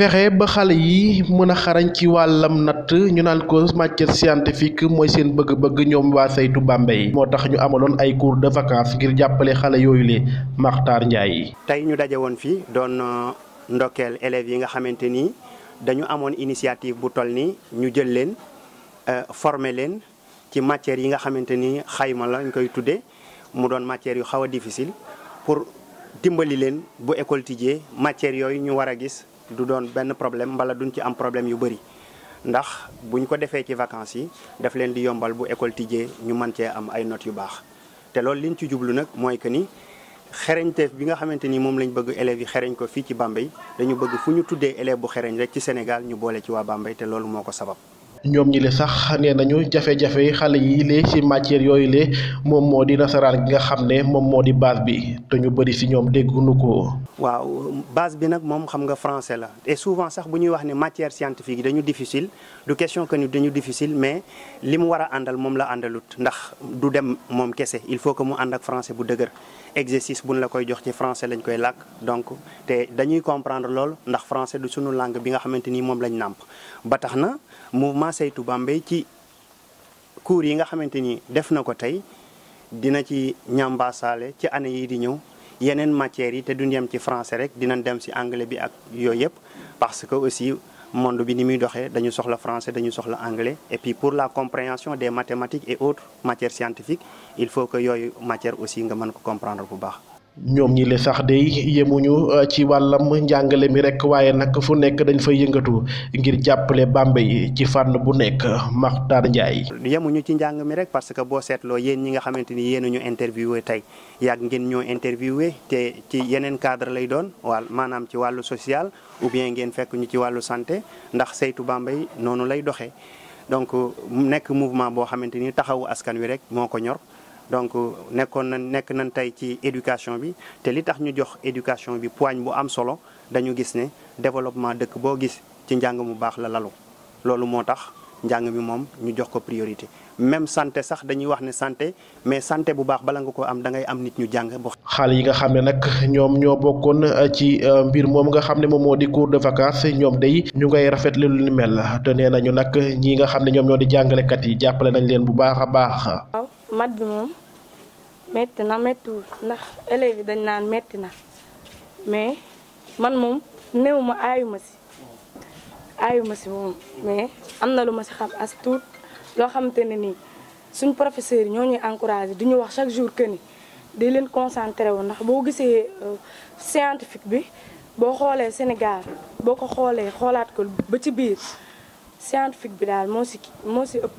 fexe ba xale yi mën a xarañ ci wàllam natt ñu naan ko matière scientifique mooy seen bëgg-bëgg ñoom waa saytu Bambey moo tax ñu amaloon ay cours de vacances ngir jàppale xale yooyu le Maxtaar Njaay yi tey ñu daje woon fii doon euh, ndokkeel élèves yi nga xamante nii dañu amoon initiative bu toll nii ñu jël leen euh, former leen ci matières yi nga xamante ni xayma lañ koy tuddee mu doon matières yu xaw a difficile pour dimbali leen bu école tijjee matières yooyu ñu war a gis du doon benn problème mbala duñ ci am problème yu bari ndax buñ ko defee ci vacances yi daf leen di yombal bu école tijjee ñu mën cee am ay notes yu baax te loolu liñ ci jublu nag mooy que ni xereñteef bi nga xamante ni moom lañ bëgg élèves yi xereñ ko fii ci Bambey dañu bëgg fu ñu tuddee élève bu xereñ rek ci Sénégal ñu boole ci waa Bambey te loolu moo ko sabab ñoom ñi le sax nee nañu jafe-jafe xale yi le ci matière yooyu le moom moo di nasaraan gi nga xam ne moom moo di base bi te ñu bëri ci ñoom dégguñu ko. waaw base bi nag moom xam nga français la et souvent sax bu ñuy wax ne matière scientifique yi dañu difficile du question que ni dañu difficile mais li mu war a àndal moom la àndalut ndax du dem moom kese il faut que mu ànd ak français bu dëgër exercice nu la koy jox ci français lañ koy làkk donc te dañuy comprendre lool ndax français du sunu langue bi nga xamante ni moom lañ nàmp saytu Bambey ci cours yi nga xamante ni def na ko tey dina ci ñambaasaale ci année yi di ñëw yeneen matière yi te duñ yem ci français rek dina dem si anglais bi ak yooy yëpp parce que aussi monde bi ni muy doxee dañu soxla français dañu soxla anglais et puis pour la compréhension des mathématiques et autres matières scientifiques il faut que yooyu matière aussi nga mën ko comprendre bu baax ñoom ñii le sax day yemuñu euh, ci wàllam njàngale mi rek waaye nag fu nekk dañ fay yëngatu ngir jàppale Bambey ci fànn bu nekk Makhtar Ndiaye. yemuñu ci njàng mi rek parce que boo seetloo yéen ñi nga xamante ni yéen ñu interviewé tey yàgg ngeen ñoo interviewé te ci yeneen cadre lay doon wal maanaam ci wàllu social ou bien ngeen fekk ñu ci wàllu santé ndax saytu Bambey noonu lay doxee donc nekk mouvement boo xamante ni taxawu askan wi rek moo ko ñor. donc nekkoon na nekk nañ tey ci éducation bi te li tax ñu jox éducation bi poigne bu am solo dañu gis ne développement dëkk boo gis ci njàng mu baax la lalu loolu moo tax njàng bi moom ñu jox ko priorité même santé sax dañuy wax ne santé mais santé bu baax bala nga ko am da ngay am nit ñu jàng xaal yi nga xam ne nag ñoom ñoo bokkoon euh, ci euh, mbir moom nga xam ne moom moo di cours de vacances ñoom day ñu ngay rafetlu lu ni mel te nee nañu nag ñi nga xam ne ñoom ñoo di jàngalekat yi jàppale nañ leen bu baax a baax. metti na méttiwul ndax élèves yi dañ naan metti na mais man moom néew ma ayu ma si aayu ma si moom mais am na lu ma si xam as tuut loo xamante ne nii suñ professeur yi ñoo ñuy encouragé di ñu wax chaque jour que ni di leen concentré woon ndax boo gisee euh, scientifique bi boo xoolee Sénégal boo ko xoolee xoolaat ko ba ci biir scientifique bi daal moo si moo si ëpp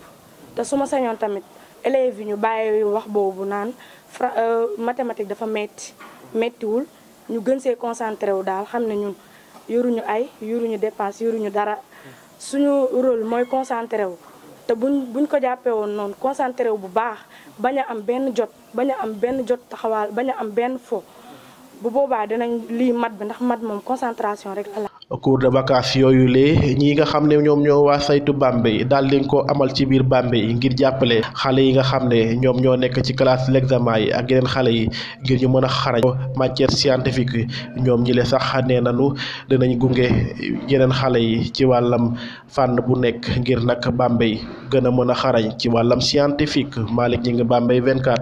te su ma sañoon tamit élèves yi ñu bàyyi wax boobu naan fra euh, mathématique dafa metti mettiwul ñu gën see concentré wu daal xam ne ñun yoruñu ay yoruñu dépense yoruñu dara suñu rôle mooy concentré wu te buñ buñ ko jàppee woon noonu concentré wu bu baax bañ a am benn jot bañ am benn jot taxawaal bañ am benn fo bu boobaa dinañ lii mat bi ndax mat moom concentration rek cours de vacances yooyu lee ñi nga xam ne ñoom ñoo waa saytu Bambey daal di ko amal ci biir Bambey ngir jàppale xale yi nga xam ne ñoom ñoo nekk ci classe lexament yi ak yeneen xale yi ngir ñu mën a xarañ matière scientifique ñoom ñi le sax nee nañu dinañ gunge yeneen xale yi ci wàllam fànn bu nekk ngir nag Bambey gën a mën a xarañ ci wàllam scientifique Malick ñi ngi Bambey 24